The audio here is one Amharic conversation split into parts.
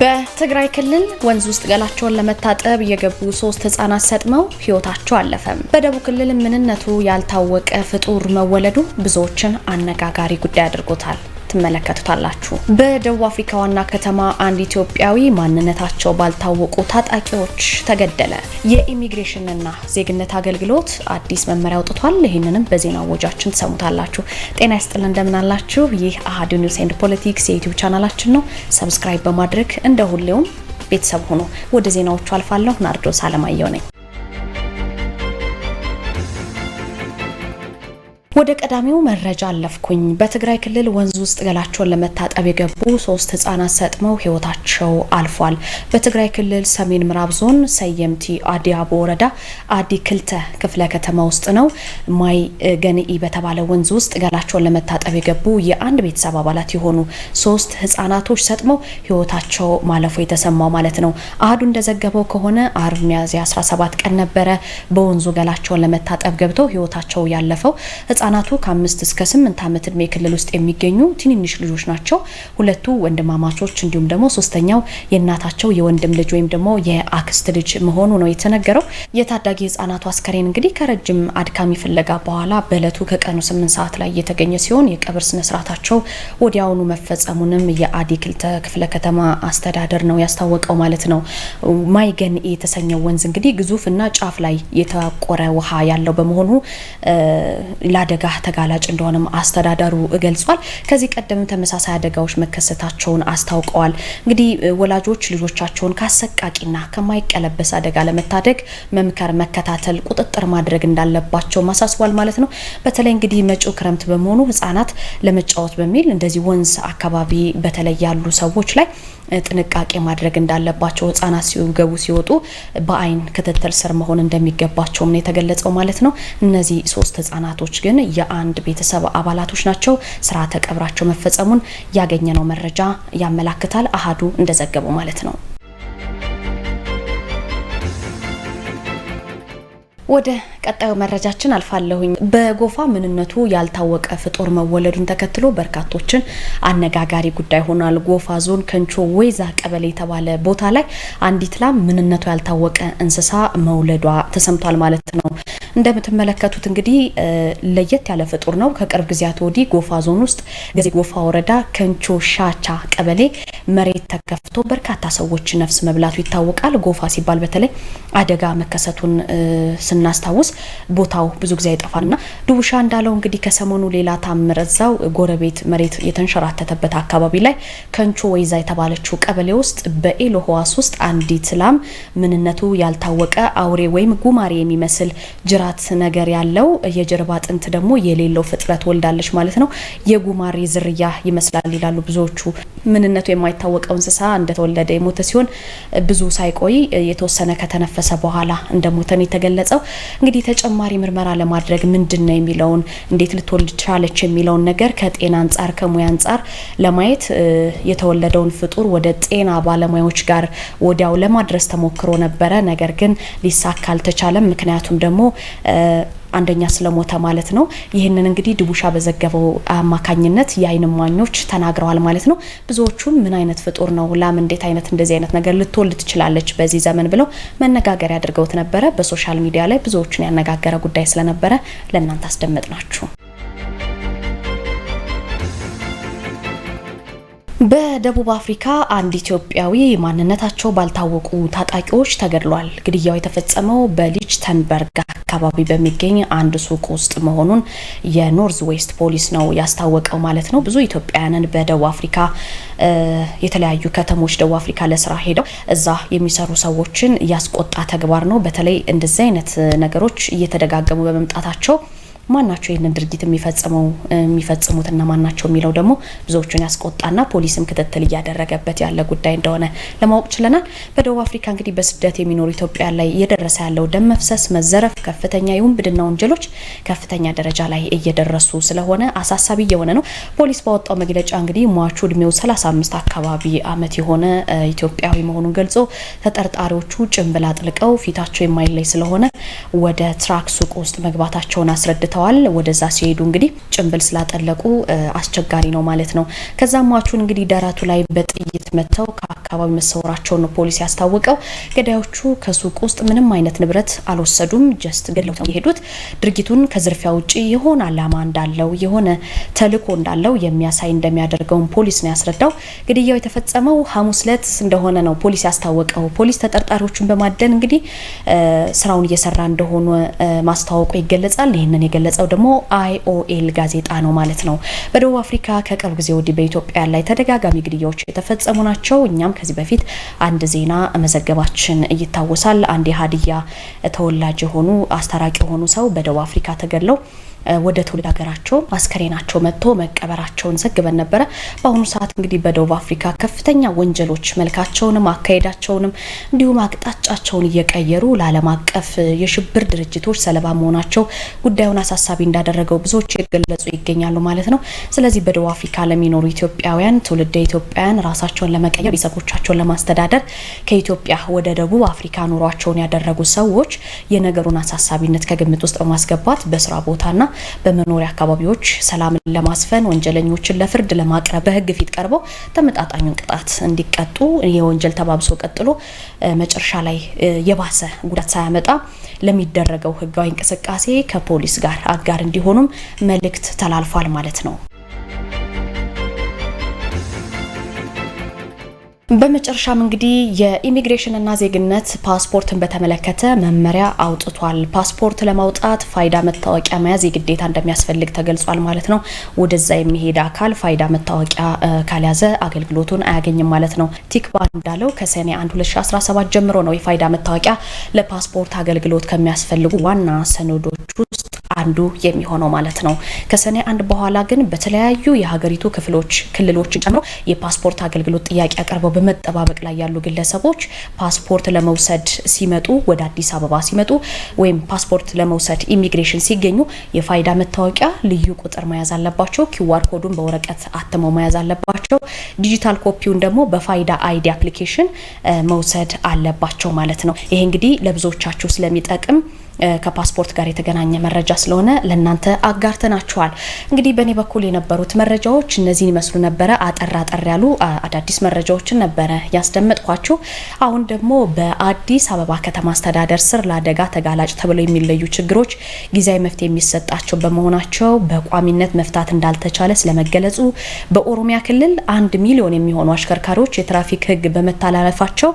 በትግራይ ክልል ወንዝ ውስጥ ገላቸውን ለመታጠብ የገቡ ሶስት ህጻናት ሰጥመው ህይወታቸው አለፈ። በደቡብ ክልል ምንነቱ ያልታወቀ ፍጡር መወለዱ ብዙዎችን አነጋጋሪ ጉዳይ አድርጎታል። ትመለከቱታላችሁ። በደቡብ አፍሪካ ዋና ከተማ አንድ ኢትዮጵያዊ ማንነታቸው ባልታወቁ ታጣቂዎች ተገደለ። የኢሚግሬሽንና ዜግነት አገልግሎት አዲስ መመሪያ አውጥቷል። ይህንንም በዜና ወጃችን ትሰሙታላችሁ። ጤና ይስጥልን፣ እንደምናላችሁ። ይህ አሀዱ ኒውስ ኤንድ ፖለቲክስ የዩቲዩብ ቻናላችን ነው። ሰብስክራይብ በማድረግ እንደ ሁሌውም ቤተሰብ ሆኖ ወደ ዜናዎቹ አልፋለሁ። ናርዶስ አለማየሁ ነኝ። ወደ ቀዳሚው መረጃ አለፍኩኝ። በትግራይ ክልል ወንዝ ውስጥ ገላቸውን ለመታጠብ የገቡ ሶስት ህጻናት ሰጥመው ህይወታቸው አልፏል። በትግራይ ክልል ሰሜን ምዕራብ ዞን ሰየምቲ አዲያቦ ወረዳ አዲ ክልተ ክፍለ ከተማ ውስጥ ነው። ማይ ገንኢ በተባለ ወንዝ ውስጥ ገላቸውን ለመታጠብ የገቡ የአንድ ቤተሰብ አባላት የሆኑ ሶስት ህጻናቶች ሰጥመው ህይወታቸው ማለፉ የተሰማው ማለት ነው። አህዱ እንደዘገበው ከሆነ አርብ ሚያዝያ 17 ቀን ነበረ በወንዙ ገላቸውን ለመታጠብ ገብተው ህይወታቸው ያለፈው ህጻናቱ ከአምስት እስከ ስምንት ዓመት እድሜ ክልል ውስጥ የሚገኙ ትንንሽ ልጆች ናቸው። ሁለቱ ወንድማማቾች እንዲሁም ደግሞ ሶስተኛው የእናታቸው የወንድም ልጅ ወይም ደግሞ የአክስት ልጅ መሆኑ ነው የተነገረው። የታዳጊ ህጻናቱ አስከሬን እንግዲህ ከረጅም አድካሚ ፍለጋ በኋላ በእለቱ ከቀኑ ስምንት ሰዓት ላይ የተገኘ ሲሆን የቀብር ስነስርዓታቸው ወዲያውኑ መፈጸሙንም የአዲ ክልተ ክፍለ ከተማ አስተዳደር ነው ያስታወቀው ማለት ነው። ማይገን የተሰኘው ወንዝ እንግዲህ ግዙፍና ጫፍ ላይ የተቆረ ውሃ ያለው በመሆኑ ላደጋ አደጋ ተጋላጭ እንደሆነም አስተዳደሩ ገልጿል። ከዚህ ቀደም ተመሳሳይ አደጋዎች መከሰታቸውን አስታውቀዋል። እንግዲህ ወላጆች ልጆቻቸውን ከአሰቃቂና ከማይቀለበስ አደጋ ለመታደግ መምከር፣ መከታተል፣ ቁጥጥር ማድረግ እንዳለባቸው ማሳስቧል ማለት ነው። በተለይ እንግዲህ መጪው ክረምት በመሆኑ ህጻናት ለመጫወት በሚል እንደዚህ ወንዝ አካባቢ በተለይ ያሉ ሰዎች ላይ ጥንቃቄ ማድረግ እንዳለባቸው ህጻናት ሲገቡ ሲወጡ በአይን ክትትል ስር መሆን እንደሚገባቸውም ነው የተገለጸው ማለት ነው። እነዚህ ሶስት ህጻናቶች ግን የአንድ ቤተሰብ አባላቶች ናቸው። ስርዓተ ቀብራቸው መፈጸሙን ያገኘነው መረጃ ያመላክታል። አሃዱ እንደዘገበው ማለት ነው። ወደ ቀጣዩ መረጃችን አልፋለሁኝ። በጎፋ ምንነቱ ያልታወቀ ፍጡር መወለዱን ተከትሎ በርካቶችን አነጋጋሪ ጉዳይ ሆኗል። ጎፋ ዞን ከንቾ ወይዛ ቀበሌ የተባለ ቦታ ላይ አንዲት ላም ምንነቱ ያልታወቀ እንስሳ መውለዷ ተሰምቷል ማለት ነው። እንደምትመለከቱት እንግዲህ ለየት ያለ ፍጡር ነው። ከቅርብ ጊዜያት ወዲህ ጎፋ ዞን ውስጥ ገዜ ጎፋ ወረዳ ከንቾ ሻቻ ቀበሌ መሬት ተከፍቶ በርካታ ሰዎች ነፍስ መብላቱ ይታወቃል። ጎፋ ሲባል በተለይ አደጋ መከሰቱን ስናስታውስ ቦታው ብዙ ጊዜ አይጠፋና ድቡሻ እንዳለው እንግዲህ ከሰሞኑ ሌላ ታምር እዛው ጎረቤት መሬት የተንሸራተተበት አካባቢ ላይ ከንቾ ወይዛ የተባለችው ቀበሌ ውስጥ በኤሎ ህዋስ ውስጥ አንዲት ላም ምንነቱ ያልታወቀ አውሬ ወይም ጉማሬ የሚመስል ጅራ የጅራት ነገር ያለው የጀርባ አጥንት ደግሞ የሌለው ፍጥረት ወልዳለች ማለት ነው። የጉማሬ ዝርያ ይመስላል ይላሉ ብዙዎቹ። ምንነቱ የማይታወቀው እንስሳ እንደተወለደ የሞተ ሲሆን ብዙ ሳይቆይ የተወሰነ ከተነፈሰ በኋላ እንደሞተ ነው የተገለጸው። እንግዲህ ተጨማሪ ምርመራ ለማድረግ ምንድን ነው የሚለውን እንዴት ልትወልድ ቻለች የሚለውን ነገር ከጤና አንጻር ከሙያ አንጻር ለማየት የተወለደውን ፍጡር ወደ ጤና ባለሙያዎች ጋር ወዲያው ለማድረስ ተሞክሮ ነበረ። ነገር ግን ሊሳካ አልተቻለም። ምክንያቱም ደግሞ አንደኛ ስለሞተ ማለት ነው። ይህንን እንግዲህ ድቡሻ በዘገበው አማካኝነት የዓይን እማኞች ተናግረዋል ማለት ነው። ብዙዎቹም ምን አይነት ፍጡር ነው ላም እንዴት አይነት እንደዚህ አይነት ነገር ልትወልድ ትችላለች በዚህ ዘመን ብለው መነጋገሪያ አድርገውት ነበረ። በሶሻል ሚዲያ ላይ ብዙዎቹን ያነጋገረ ጉዳይ ስለነበረ ለእናንተ አስደመጥ ናችሁ። በደቡብ አፍሪካ አንድ ኢትዮጵያዊ ማንነታቸው ባልታወቁ ታጣቂዎች ተገድሏል። ግድያው የተፈጸመው በሊችተንበርግ አካባቢ በሚገኝ አንድ ሱቅ ውስጥ መሆኑን የኖርዝ ዌስት ፖሊስ ነው ያስታወቀው ማለት ነው። ብዙ ኢትዮጵያውያንን በደቡብ አፍሪካ የተለያዩ ከተሞች ደቡብ አፍሪካ ለስራ ሄደው እዛ የሚሰሩ ሰዎችን ያስቆጣ ተግባር ነው። በተለይ እንደዚህ አይነት ነገሮች እየተደጋገሙ በመምጣታቸው ማናቸው ይህንን ድርጊት የሚፈጽመው የሚፈጽሙት እና ማናቸው የሚለው ደግሞ ብዙዎቹን ያስቆጣና ፖሊስም ክትትል እያደረገበት ያለ ጉዳይ እንደሆነ ለማወቅ ችለናል። በደቡብ አፍሪካ እንግዲህ በስደት የሚኖሩ ኢትዮጵያ ላይ እየደረሰ ያለው ደም መፍሰስ፣ መዘረፍ፣ ከፍተኛ የውንብድና ወንጀሎች ከፍተኛ ደረጃ ላይ እየደረሱ ስለሆነ አሳሳቢ እየሆነ ነው። ፖሊስ ባወጣው መግለጫ እንግዲህ ሟቹ እድሜው 35 አካባቢ አመት የሆነ ኢትዮጵያዊ መሆኑን ገልጾ ተጠርጣሪዎቹ ጭንብል አጥልቀው ፊታቸው የማይለይ ስለሆነ ወደ ትራክ ሱቅ ውስጥ መግባታቸውን አስረድቷል። ተዋል ወደዛ ሲሄዱ እንግዲህ ጭንብል ስላጠለቁ አስቸጋሪ ነው ማለት ነው። ከዛ ሟቹን እንግዲህ ደረቱ ላይ በጥይት መጥተው ከአካባቢ መሰወራቸውን ነው ፖሊስ ያስታወቀው። ገዳዮቹ ከሱቅ ውስጥ ምንም አይነት ንብረት አልወሰዱም። ጀስት ገለው የሄዱት ድርጊቱን ከዝርፊያ ውጭ የሆነ አላማ እንዳለው የሆነ ተልዕኮ እንዳለው የሚያሳይ እንደሚያደርገውን ፖሊስ ነው ያስረዳው። ግድያው የተፈጸመው ሐሙስ ዕለት እንደሆነ ነው ፖሊስ ያስታወቀው። ፖሊስ ተጠርጣሪዎቹን በማደን እንግዲህ ስራውን እየሰራ እንደሆነ ማስታወቁ ይገለጻል። ይህንን የገለጸው ደግሞ አይኦኤል ጋዜጣ ነው ማለት ነው። በደቡብ አፍሪካ ከቅርብ ጊዜ ወዲህ በኢትዮጵያ ላይ ተደጋጋሚ ግድያዎች የተፈጸሙ መሆናቸው እኛም ከዚህ በፊት አንድ ዜና መዘገባችን ይታወሳል። አንድ የሀዲያ ተወላጅ የሆኑ አስታራቂ የሆኑ ሰው በደቡብ አፍሪካ ተገለው። ወደ ትውልድ ሀገራቸው አስከሬናቸው መጥቶ መቀበራቸውን ዘግበን ነበረ። በአሁኑ ሰዓት እንግዲህ በደቡብ አፍሪካ ከፍተኛ ወንጀሎች መልካቸውንም አካሄዳቸውንም እንዲሁም አቅጣጫቸውን እየቀየሩ ለዓለም አቀፍ የሽብር ድርጅቶች ሰለባ መሆናቸው ጉዳዩን አሳሳቢ እንዳደረገው ብዙዎች የገለጹ ይገኛሉ ማለት ነው። ስለዚህ በደቡብ አፍሪካ ለሚኖሩ ኢትዮጵያውያን ትውልደ ኢትዮጵያውያን ራሳቸውን ለመቀየር ቤተሰቦቻቸውን ለማስተዳደር ከኢትዮጵያ ወደ ደቡብ አፍሪካ ኑሯቸውን ያደረጉ ሰዎች የነገሩን አሳሳቢነት ከግምት ውስጥ በማስገባት በስራ ቦታና በመኖሪያ አካባቢዎች ሰላምን ለማስፈን ወንጀለኞችን ለፍርድ ለማቅረብ በህግ ፊት ቀርበው ተመጣጣኙን ቅጣት እንዲቀጡ የወንጀል ተባብሶ ቀጥሎ መጨረሻ ላይ የባሰ ጉዳት ሳያመጣ ለሚደረገው ህጋዊ እንቅስቃሴ ከፖሊስ ጋር አጋር እንዲሆኑም መልእክት ተላልፏል ማለት ነው። በመጨረሻም እንግዲህ የኢሚግሬሽንና ዜግነት ፓስፖርትን በተመለከተ መመሪያ አውጥቷል። ፓስፖርት ለማውጣት ፋይዳ መታወቂያ መያዝ የግዴታ እንደሚያስፈልግ ተገልጿል ማለት ነው። ወደዛ የሚሄድ አካል ፋይዳ መታወቂያ ካልያዘ አገልግሎቱን አያገኝም ማለት ነው። ቲክባ እንዳለው ከሰኔ 1 2017 ጀምሮ ነው የፋይዳ መታወቂያ ለፓስፖርት አገልግሎት ከሚያስፈልጉ ዋና ሰነዶች ውስጥ አንዱ የሚሆነው ማለት ነው። ከሰኔ አንድ በኋላ ግን በተለያዩ የሀገሪቱ ክፍሎች ክልሎችን ጨምሮ የፓስፖርት አገልግሎት ጥያቄ አቀርበው በመጠባበቅ ላይ ያሉ ግለሰቦች ፓስፖርት ለመውሰድ ሲመጡ ወደ አዲስ አበባ ሲመጡ ወይም ፓስፖርት ለመውሰድ ኢሚግሬሽን ሲገኙ የፋይዳ መታወቂያ ልዩ ቁጥር መያዝ አለባቸው። ኪዋር ኮዱን በወረቀት አትመው መያዝ አለባቸው። ዲጂታል ኮፒውን ደግሞ በፋይዳ አይዲ አፕሊኬሽን መውሰድ አለባቸው ማለት ነው። ይሄ እንግዲህ ለብዙዎቻችሁ ስለሚጠቅም ከፓስፖርት ጋር የተገናኘ መረጃ ስለሆነ ለእናንተ አጋርተናችኋል። እንግዲህ በእኔ በኩል የነበሩት መረጃዎች እነዚህን ይመስሉ ነበረ። አጠር አጠር ያሉ አዳዲስ መረጃዎችን ነበረ ያስደመጥኳችሁ። አሁን ደግሞ በአዲስ አበባ ከተማ አስተዳደር ስር ለአደጋ ተጋላጭ ተብለው የሚለዩ ችግሮች ጊዜያዊ መፍትሄ የሚሰጣቸው በመሆናቸው በቋሚነት መፍታት እንዳልተቻለ ስለመገለጹ፣ በኦሮሚያ ክልል አንድ ሚሊዮን የሚሆኑ አሽከርካሪዎች የትራፊክ ሕግ በመተላለፋቸው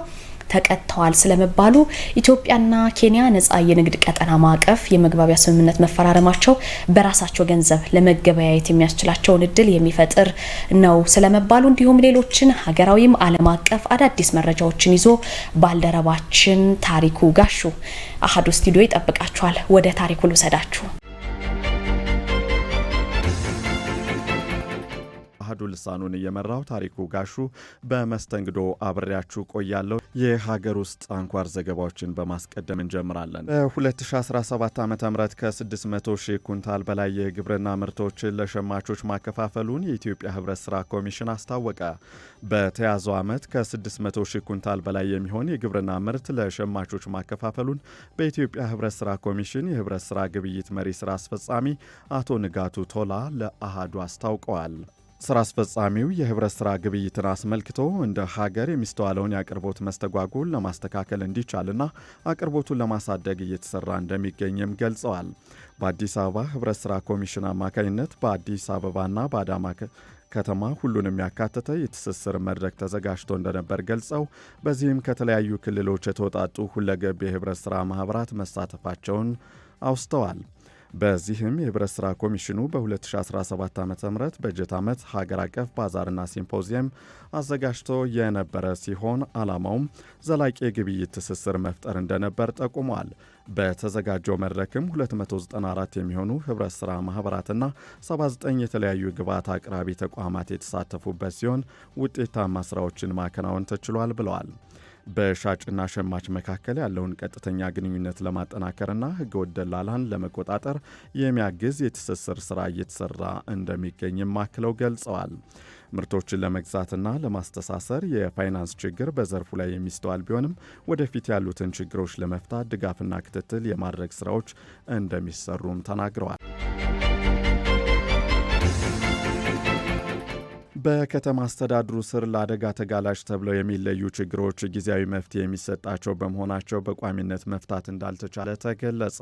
ተቀጥተዋል ስለመባሉ ኢትዮጵያና ኬንያ ነፃ የንግድ ቀጠና ማዕቀፍ የመግባቢያ ስምምነት መፈራረማቸው በራሳቸው ገንዘብ ለመገበያየት የሚያስችላቸውን እድል የሚፈጥር ነው ስለመባሉ እንዲሁም ሌሎችን ሀገራዊም ዓለም አቀፍ አዳዲስ መረጃዎችን ይዞ ባልደረባችን ታሪኩ ጋሹ አሀዱ ስቱዲዮ ይጠብቃችኋል። ወደ ታሪኩ ልውሰዳችሁ። አህዱ ልሳኑን እየመራው ታሪኩ ጋሹ በመስተንግዶ አብሬያችሁ ቆያለሁ። የሀገር ውስጥ አንኳር ዘገባዎችን በማስቀደም እንጀምራለን። በ2017 ዓ ም ከ600 ሺህ ኩንታል በላይ የግብርና ምርቶችን ለሸማቾች ማከፋፈሉን የኢትዮጵያ ህብረት ስራ ኮሚሽን አስታወቀ። በተያዘው ዓመት ከ600 ሺህ ኩንታል በላይ የሚሆን የግብርና ምርት ለሸማቾች ማከፋፈሉን በኢትዮጵያ ህብረት ስራ ኮሚሽን የህብረት ስራ ግብይት መሪ ስራ አስፈጻሚ አቶ ንጋቱ ቶላ ለአሃዱ አስታውቀዋል። ስራ አስፈጻሚው የህብረት ስራ ግብይትን አስመልክቶ እንደ ሀገር የሚስተዋለውን የአቅርቦት መስተጓጎል ለማስተካከል እንዲቻልና አቅርቦቱን ለማሳደግ እየተሰራ እንደሚገኝም ገልጸዋል። በአዲስ አበባ ህብረት ስራ ኮሚሽን አማካኝነት በአዲስ አበባና በአዳማ ከተማ ሁሉንም ያካተተ የትስስር መድረክ ተዘጋጅቶ እንደነበር ገልጸው በዚህም ከተለያዩ ክልሎች የተወጣጡ ሁለገብ የህብረት ስራ ማህበራት መሳተፋቸውን አውስተዋል። በዚህም የህብረት ስራ ኮሚሽኑ በ2017 ዓ ም በጀት ዓመት ሀገር አቀፍ ባዛርና ሲምፖዚየም አዘጋጅቶ የነበረ ሲሆን ዓላማውም ዘላቂ የግብይት ትስስር መፍጠር እንደነበር ጠቁሟል። በተዘጋጀው መድረክም 294 የሚሆኑ ህብረት ሥራ ማኅበራትና 79 የተለያዩ ግብዓት አቅራቢ ተቋማት የተሳተፉበት ሲሆን ውጤታማ ሥራዎችን ማከናወን ተችሏል ብለዋል። በሻጭና ሸማች መካከል ያለውን ቀጥተኛ ግንኙነት ለማጠናከርና ሕገ ወጥ ደላላን ለመቆጣጠር የሚያግዝ የትስስር ስራ እየተሰራ እንደሚገኝም አክለው ገልጸዋል። ምርቶችን ለመግዛትና ለማስተሳሰር የፋይናንስ ችግር በዘርፉ ላይ የሚስተዋል ቢሆንም ወደፊት ያሉትን ችግሮች ለመፍታት ድጋፍና ክትትል የማድረግ ስራዎች እንደሚሰሩም ተናግረዋል። በከተማ አስተዳድሩ ስር ለአደጋ ተጋላጭ ተብለው የሚለዩ ችግሮች ጊዜያዊ መፍትሄ የሚሰጣቸው በመሆናቸው በቋሚነት መፍታት እንዳልተቻለ ተገለጸ።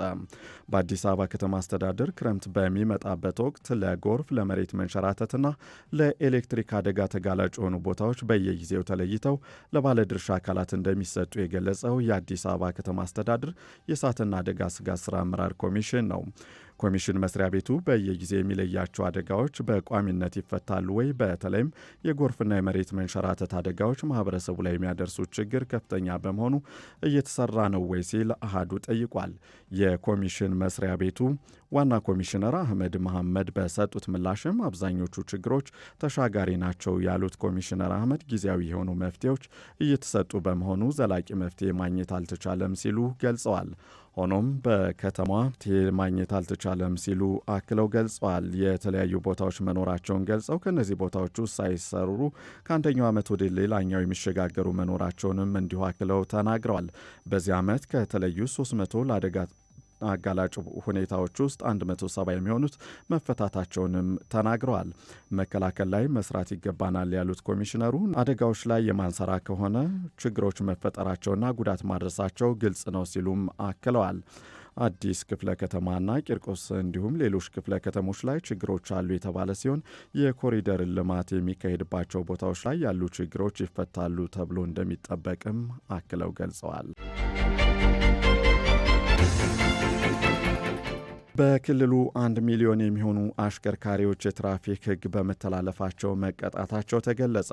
በአዲስ አበባ ከተማ አስተዳደር ክረምት በሚመጣበት ወቅት ለጎርፍ፣ ለመሬት መንሸራተትና ለኤሌክትሪክ አደጋ ተጋላጭ የሆኑ ቦታዎች በየጊዜው ተለይተው ለባለድርሻ አካላት እንደሚሰጡ የገለጸው የአዲስ አበባ ከተማ አስተዳደር የእሳትና አደጋ ስጋት ስራ አመራር ኮሚሽን ነው። ኮሚሽን መስሪያ ቤቱ በየጊዜ የሚለያቸው አደጋዎች በቋሚነት ይፈታሉ ወይ? በተለይም የጎርፍና የመሬት መንሸራተት አደጋዎች ማህበረሰቡ ላይ የሚያደርሱ ችግር ከፍተኛ በመሆኑ እየተሰራ ነው ወይ ሲል አሃዱ ጠይቋል። የኮሚሽን መስሪያ ቤቱ ዋና ኮሚሽነር አህመድ መሐመድ በሰጡት ምላሽም አብዛኞቹ ችግሮች ተሻጋሪ ናቸው ያሉት ኮሚሽነር አህመድ ጊዜያዊ የሆኑ መፍትሄዎች እየተሰጡ በመሆኑ ዘላቂ መፍትሄ ማግኘት አልተቻለም ሲሉ ገልጸዋል። ሆኖም በከተማዋ ማግኘት አልተቻለም ሲሉ አክለው ገልጸዋል። የተለያዩ ቦታዎች መኖራቸውን ገልጸው ከእነዚህ ቦታዎች ውስጥ ሳይሰሩ ከአንደኛው ዓመት ወደ ሌላኛው የሚሸጋገሩ መኖራቸውንም እንዲሁ አክለው ተናግረዋል። በዚህ ዓመት ከተለዩ 300 ለአደጋ አጋላጭ ሁኔታዎች ውስጥ 170 የሚሆኑት መፈታታቸውንም ተናግረዋል። መከላከል ላይ መስራት ይገባናል ያሉት ኮሚሽነሩ አደጋዎች ላይ የማንሰራ ከሆነ ችግሮች መፈጠራቸውና ጉዳት ማድረሳቸው ግልጽ ነው ሲሉም አክለዋል። አዲስ ክፍለ ከተማና ቂርቆስ እንዲሁም ሌሎች ክፍለ ከተሞች ላይ ችግሮች አሉ የተባለ ሲሆን የኮሪደር ልማት የሚካሄድባቸው ቦታዎች ላይ ያሉ ችግሮች ይፈታሉ ተብሎ እንደሚጠበቅም አክለው ገልጸዋል። በክልሉ አንድ ሚሊዮን የሚሆኑ አሽከርካሪዎች የትራፊክ ሕግ በመተላለፋቸው መቀጣታቸው ተገለጸ።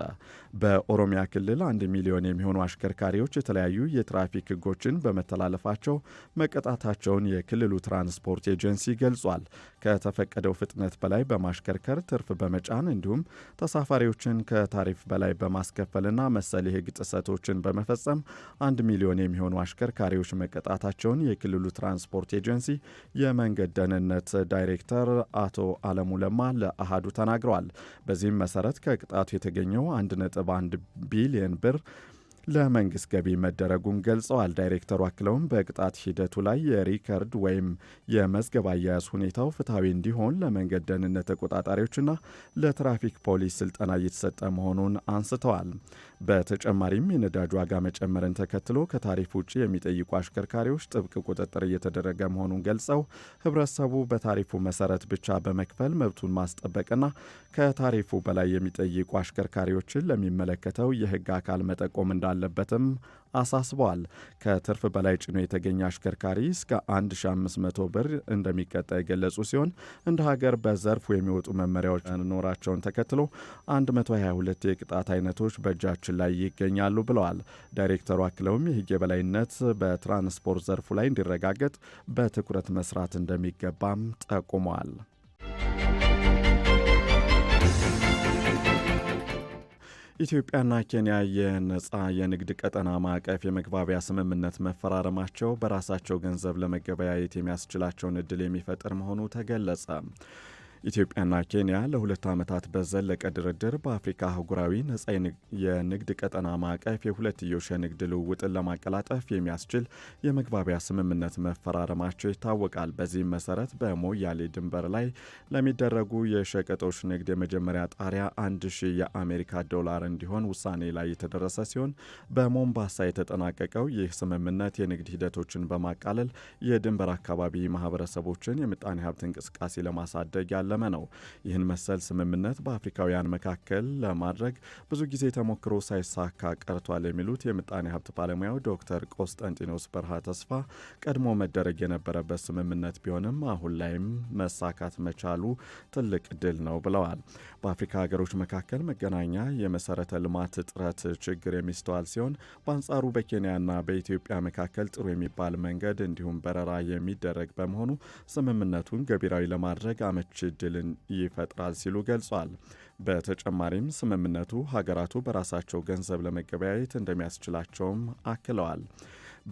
በኦሮሚያ ክልል አንድ ሚሊዮን የሚሆኑ አሽከርካሪዎች የተለያዩ የትራፊክ ሕጎችን በመተላለፋቸው መቀጣታቸውን የክልሉ ትራንስፖርት ኤጀንሲ ገልጿል። ከተፈቀደው ፍጥነት በላይ በማሽከርከር ትርፍ በመጫን እንዲሁም ተሳፋሪዎችን ከታሪፍ በላይ በማስከፈልና መሰል የህግ ጥሰቶችን በመፈጸም አንድ ሚሊዮን የሚሆኑ አሽከርካሪዎች መቀጣታቸውን የክልሉ ትራንስፖርት ኤጀንሲ የመንገድ ደህንነት ዳይሬክተር አቶ አለሙ ለማ ለአሃዱ ተናግረዋል። በዚህም መሰረት ከቅጣቱ የተገኘው 1.1 ቢሊየን ብር ለመንግስት ገቢ መደረጉን ገልጸዋል። ዳይሬክተሩ አክለውም በቅጣት ሂደቱ ላይ የሪከርድ ወይም የመዝገብ አያያዝ ሁኔታው ፍትሐዊ እንዲሆን ለመንገድ ደህንነት ተቆጣጣሪዎችና ለትራፊክ ፖሊስ ስልጠና እየተሰጠ መሆኑን አንስተዋል። በተጨማሪም የነዳጅ ዋጋ መጨመርን ተከትሎ ከታሪፍ ውጭ የሚጠይቁ አሽከርካሪዎች ጥብቅ ቁጥጥር እየተደረገ መሆኑን ገልጸው ህብረተሰቡ በታሪፉ መሰረት ብቻ በመክፈል መብቱን ማስጠበቅና ከታሪፉ በላይ የሚጠይቁ አሽከርካሪዎችን ለሚመለከተው የህግ አካል መጠቆም እንዳለበትም አሳስበዋል። ከትርፍ በላይ ጭኖ የተገኘ አሽከርካሪ እስከ 1500 ብር እንደሚቀጣ የገለጹ ሲሆን እንደ ሀገር በዘርፉ የሚወጡ መመሪያዎች መኖራቸውን ተከትሎ 122 የቅጣት አይነቶች በእጃችን ላይ ይገኛሉ ብለዋል። ዳይሬክተሩ አክለውም የህግ የበላይነት በትራንስፖርት ዘርፉ ላይ እንዲረጋገጥ በትኩረት መስራት እንደሚገባም ጠቁመዋል። ኢትዮጵያና ኬንያ የነፃ የንግድ ቀጠና ማዕቀፍ የመግባቢያ ስምምነት መፈራረማቸው በራሳቸው ገንዘብ ለመገበያየት የሚያስችላቸውን እድል የሚፈጥር መሆኑ ተገለጸ። ኢትዮጵያና ኬንያ ለሁለት ዓመታት በዘለቀ ድርድር በአፍሪካ አህጉራዊ ነጻ የንግድ ቀጠና ማዕቀፍ የሁለትዮሽ የንግድ ልውውጥን ለማቀላጠፍ የሚያስችል የመግባቢያ ስምምነት መፈራረማቸው ይታወቃል። በዚህም መሰረት በሞያሌ ድንበር ላይ ለሚደረጉ የሸቀጦች ንግድ የመጀመሪያ ጣሪያ 1000 የአሜሪካ ዶላር እንዲሆን ውሳኔ ላይ የተደረሰ ሲሆን በሞምባሳ የተጠናቀቀው ይህ ስምምነት የንግድ ሂደቶችን በማቃለል የድንበር አካባቢ ማህበረሰቦችን የምጣኔ ሀብት እንቅስቃሴ ለማሳደግ ያለ ያለመ ነው። ይህን መሰል ስምምነት በአፍሪካውያን መካከል ለማድረግ ብዙ ጊዜ ተሞክሮ ሳይሳካ ቀርቷል የሚሉት የምጣኔ ሀብት ባለሙያው ዶክተር ቆስጠንጢኖስ በርሃ ተስፋ ቀድሞ መደረግ የነበረበት ስምምነት ቢሆንም አሁን ላይም መሳካት መቻሉ ትልቅ ድል ነው ብለዋል። በአፍሪካ ሀገሮች መካከል መገናኛ የመሰረተ ልማት እጥረት ችግር የሚስተዋል ሲሆን በአንጻሩ በኬንያና በኢትዮጵያ መካከል ጥሩ የሚባል መንገድ እንዲሁም በረራ የሚደረግ በመሆኑ ስምምነቱን ገቢራዊ ለማድረግ አመች እድልን ይፈጥራል ሲሉ ገልጿል። በተጨማሪም ስምምነቱ ሀገራቱ በራሳቸው ገንዘብ ለመገበያየት እንደሚያስችላቸውም አክለዋል።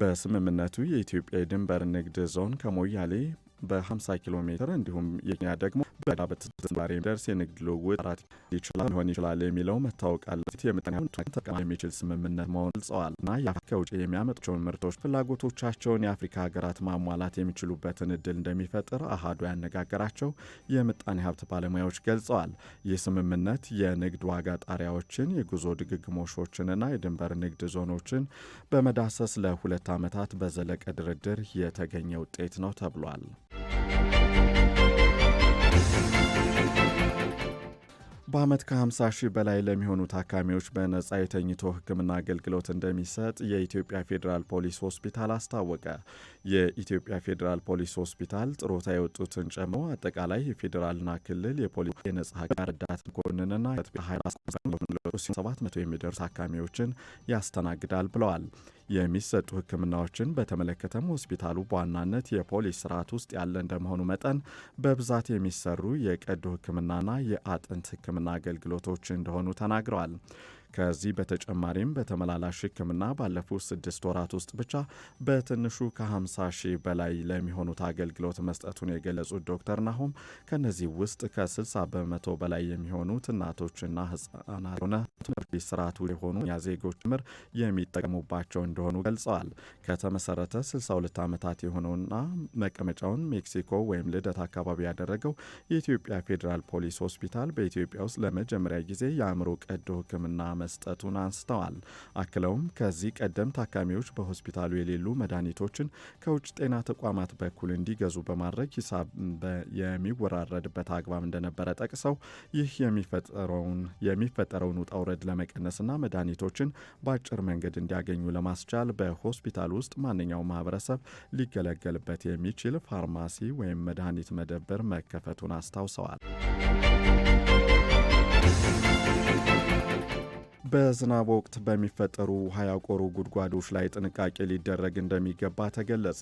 በስምምነቱ የኢትዮጵያ የድንበር ንግድ ዞን ከሞያሌ በ50 ኪሎ ሜትር እንዲሁም የኬንያ ደግሞ በዳ በተዘንባሪ ደርስ የንግድ ልውውጥ አራት ይችላል ሊሆን ይችላል የሚለው መታወቅ አለት የምጣኔ ተጠቃሚ የሚችል ስምምነት መሆን ገልጸዋል እና የአፍሪካ ውጭ የሚያመጡቸውን ምርቶች ፍላጎቶቻቸውን የአፍሪካ ሀገራት ማሟላት የሚችሉበትን እድል እንደሚፈጥር አሃዱ ያነጋገራቸው የምጣኔ ሀብት ባለሙያዎች ገልጸዋል። ይህ ስምምነት የንግድ ዋጋ ጣሪያዎችን፣ የጉዞ ድግግሞሾችንና የድንበር ንግድ ዞኖችን በመዳሰስ ለሁለት ዓመታት በዘለቀ ድርድር የተገኘ ውጤት ነው ተብሏል። በዓመት ከ50 ሺህ በላይ ለሚሆኑ ታካሚዎች በነጻ የተኝቶ ሕክምና አገልግሎት እንደሚሰጥ የኢትዮጵያ ፌዴራል ፖሊስ ሆስፒታል አስታወቀ። የኢትዮጵያ ፌዴራል ፖሊስ ሆስፒታል ጥሮታ የወጡትን ጨምሮ አጠቃላይ የፌዴራልና ክልል የፖሊስ የነጻ ሕክምና ረዳት መኮንንና ሰባት መቶ ታካሚዎችን ያስተናግዳል ብለዋል። የሚሰጡ ህክምናዎችን በተመለከተም ሆስፒታሉ በዋናነት የፖሊስ ስርዓት ውስጥ ያለ እንደመሆኑ መጠን በብዛት የሚሰሩ የቀዶ ህክምናና የአጥንት ህክምና ጥቅምና አገልግሎቶች እንደሆኑ ተናግረዋል። ከዚህ በተጨማሪም በተመላላሽ ሕክምና ባለፉት ስድስት ወራት ውስጥ ብቻ በትንሹ ከ50 ሺህ በላይ ለሚሆኑት አገልግሎት መስጠቱን የገለጹት ዶክተር ናሆም ከነዚህ ውስጥ ከ60 በመቶ በላይ የሚሆኑት እናቶችና ህጻናት ሆነ ስርዓቱ የሆኑ ዜጎች ጭምር የሚጠቀሙባቸው እንደሆኑ ገልጸዋል። ከተመሰረተ 62 ዓመታት የሆነውና መቀመጫውን ሜክሲኮ ወይም ልደት አካባቢ ያደረገው የኢትዮጵያ ፌዴራል ፖሊስ ሆስፒታል በኢትዮጵያ ውስጥ ለመጀመሪያ ጊዜ የአእምሮ ቀዶ ሕክምና መስጠቱን አንስተዋል። አክለውም ከዚህ ቀደም ታካሚዎች በሆስፒታሉ የሌሉ መድኃኒቶችን ከውጭ ጤና ተቋማት በኩል እንዲገዙ በማድረግ ሂሳብ የሚወራረድበት አግባብ እንደነበረ ጠቅሰው ይህ የሚፈጠረውን ውጣ ውረድ ለመቀነስና መድኃኒቶችን በአጭር መንገድ እንዲያገኙ ለማስቻል በሆስፒታል ውስጥ ማንኛውም ማህበረሰብ ሊገለገልበት የሚችል ፋርማሲ ወይም መድኃኒት መደብር መከፈቱን አስታውሰዋል። በዝናብ ወቅት በሚፈጠሩ ውሃ ያቆሩ ጉድጓዶች ላይ ጥንቃቄ ሊደረግ እንደሚገባ ተገለጸ።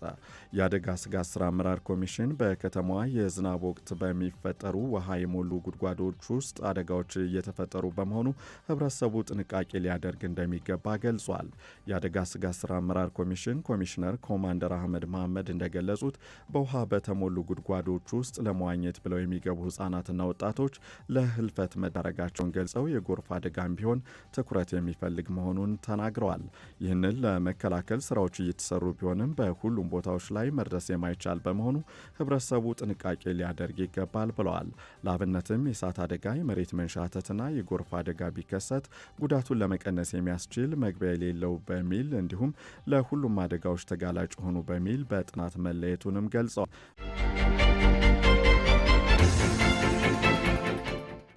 የአደጋ ስጋት ስራ አመራር ኮሚሽን በከተማዋ የዝናብ ወቅት በሚፈጠሩ ውሃ የሞሉ ጉድጓዶች ውስጥ አደጋዎች እየተፈጠሩ በመሆኑ ህብረተሰቡ ጥንቃቄ ሊያደርግ እንደሚገባ ገልጿል። የአደጋ ስጋት ስራ አመራር ኮሚሽን ኮሚሽነር ኮማንደር አህመድ መሐመድ እንደገለጹት በውሃ በተሞሉ ጉድጓዶች ውስጥ ለመዋኘት ብለው የሚገቡ ህጻናትና ወጣቶች ለህልፈት መዳረጋቸውን ገልጸው የጎርፍ አደጋም ቢሆን ትኩረት የሚፈልግ መሆኑን ተናግረዋል። ይህንን ለመከላከል ስራዎች እየተሰሩ ቢሆንም በሁሉም ቦታዎች ላይ መድረስ የማይቻል በመሆኑ ህብረተሰቡ ጥንቃቄ ሊያደርግ ይገባል ብለዋል። ለአብነትም የእሳት አደጋ፣ የመሬት መንሻተትና የጎርፍ አደጋ ቢከሰት ጉዳቱን ለመቀነስ የሚያስችል መግቢያ የሌለው በሚል እንዲሁም ለሁሉም አደጋዎች ተጋላጭ ሆኑ በሚል በጥናት መለየቱንም ገልጸዋል።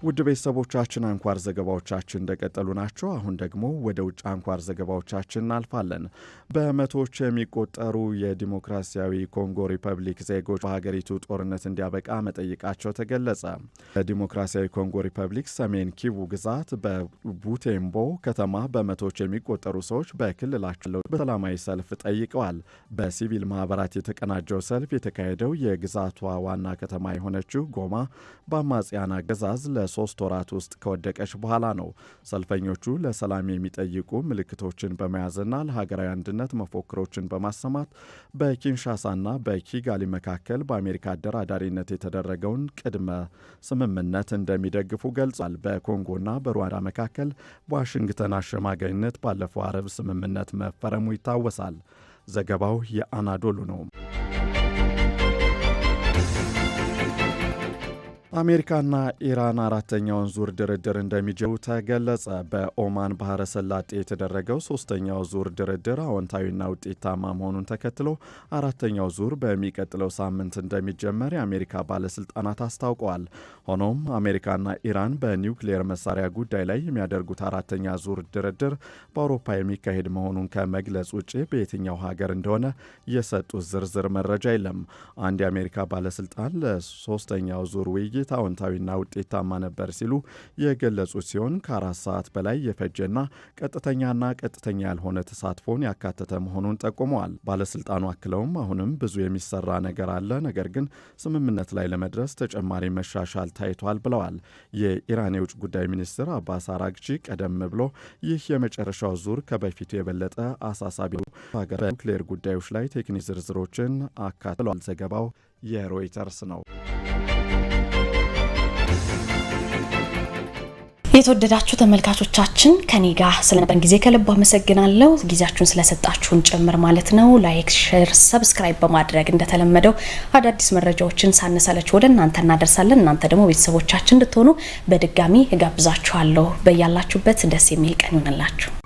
ውድ ቤተሰቦቻችን አንኳር ዘገባዎቻችን እንደቀጠሉ ናቸው። አሁን ደግሞ ወደ ውጭ አንኳር ዘገባዎቻችን እናልፋለን። በመቶዎች የሚቆጠሩ የዲሞክራሲያዊ ኮንጎ ሪፐብሊክ ዜጎች በሀገሪቱ ጦርነት እንዲያበቃ መጠየቃቸው ተገለጸ። በዲሞክራሲያዊ ኮንጎ ሪፐብሊክ ሰሜን ኪቡ ግዛት በቡቴምቦ ከተማ በመቶዎች የሚቆጠሩ ሰዎች በክልላቸው በሰላማዊ ሰልፍ ጠይቀዋል። በሲቪል ማህበራት የተቀናጀው ሰልፍ የተካሄደው የግዛቷ ዋና ከተማ የሆነችው ጎማ በአማጽያን አገዛዝ ለ በሶስት ወራት ውስጥ ከወደቀች በኋላ ነው። ሰልፈኞቹ ለሰላም የሚጠይቁ ምልክቶችን በመያዝና ለሀገራዊ አንድነት መፎክሮችን በማሰማት በኪንሻሳና በኪጋሊ መካከል በአሜሪካ አደራዳሪነት የተደረገውን ቅድመ ስምምነት እንደሚደግፉ ገልጿል። በኮንጎና በሩዋንዳ መካከል በዋሽንግተን አሸማጋይነት ባለፈው አረብ ስምምነት መፈረሙ ይታወሳል። ዘገባው የአናዶሉ ነው። አሜሪካና ኢራን አራተኛውን ዙር ድርድር እንደሚጀሩ ተገለጸ። በኦማን ባህረ ሰላጤ የተደረገው ሶስተኛው ዙር ድርድር አዎንታዊና ውጤታማ መሆኑን ተከትሎ አራተኛው ዙር በሚቀጥለው ሳምንት እንደሚጀመር የአሜሪካ ባለስልጣናት አስታውቀዋል። ሆኖም አሜሪካና ኢራን በኒውክሌር መሳሪያ ጉዳይ ላይ የሚያደርጉት አራተኛ ዙር ድርድር በአውሮፓ የሚካሄድ መሆኑን ከመግለጽ ውጭ በየትኛው ሀገር እንደሆነ የሰጡት ዝርዝር መረጃ የለም። አንድ የአሜሪካ ባለስልጣን ለሶስተኛው ዙር ውይይት ዝግጅት አዎንታዊና ውጤታማ ነበር ሲሉ የገለጹት ሲሆን ከአራት ሰዓት በላይ የፈጀና ቀጥተኛና ቀጥተኛ ያልሆነ ተሳትፎን ያካተተ መሆኑን ጠቁመዋል። ባለስልጣኑ አክለውም አሁንም ብዙ የሚሰራ ነገር አለ፣ ነገር ግን ስምምነት ላይ ለመድረስ ተጨማሪ መሻሻል ታይቷል ብለዋል። የኢራን የውጭ ጉዳይ ሚኒስትር አባስ አራግቺ ቀደም ብሎ ይህ የመጨረሻው ዙር ከበፊቱ የበለጠ አሳሳቢ ሀገር በኒውክሌር ጉዳዮች ላይ ቴክኒክ ዝርዝሮችን አካትሏል። ዘገባው የሮይተርስ ነው። የተወደዳችሁ ተመልካቾቻችን ከኔ ጋር ስለነበረን ጊዜ ከልብ አመሰግናለሁ። ጊዜያችሁን ስለሰጣችሁን ጭምር ማለት ነው። ላይክ፣ ሼር፣ ሰብስክራይብ በማድረግ እንደተለመደው አዳዲስ መረጃዎችን ሳነሳለች ወደ እናንተ እናደርሳለን። እናንተ ደግሞ ቤተሰቦቻችን እንድትሆኑ በድጋሚ እጋብዛችኋለሁ። በያላችሁበት ደስ የሚል ቀን ይሆንላችሁ።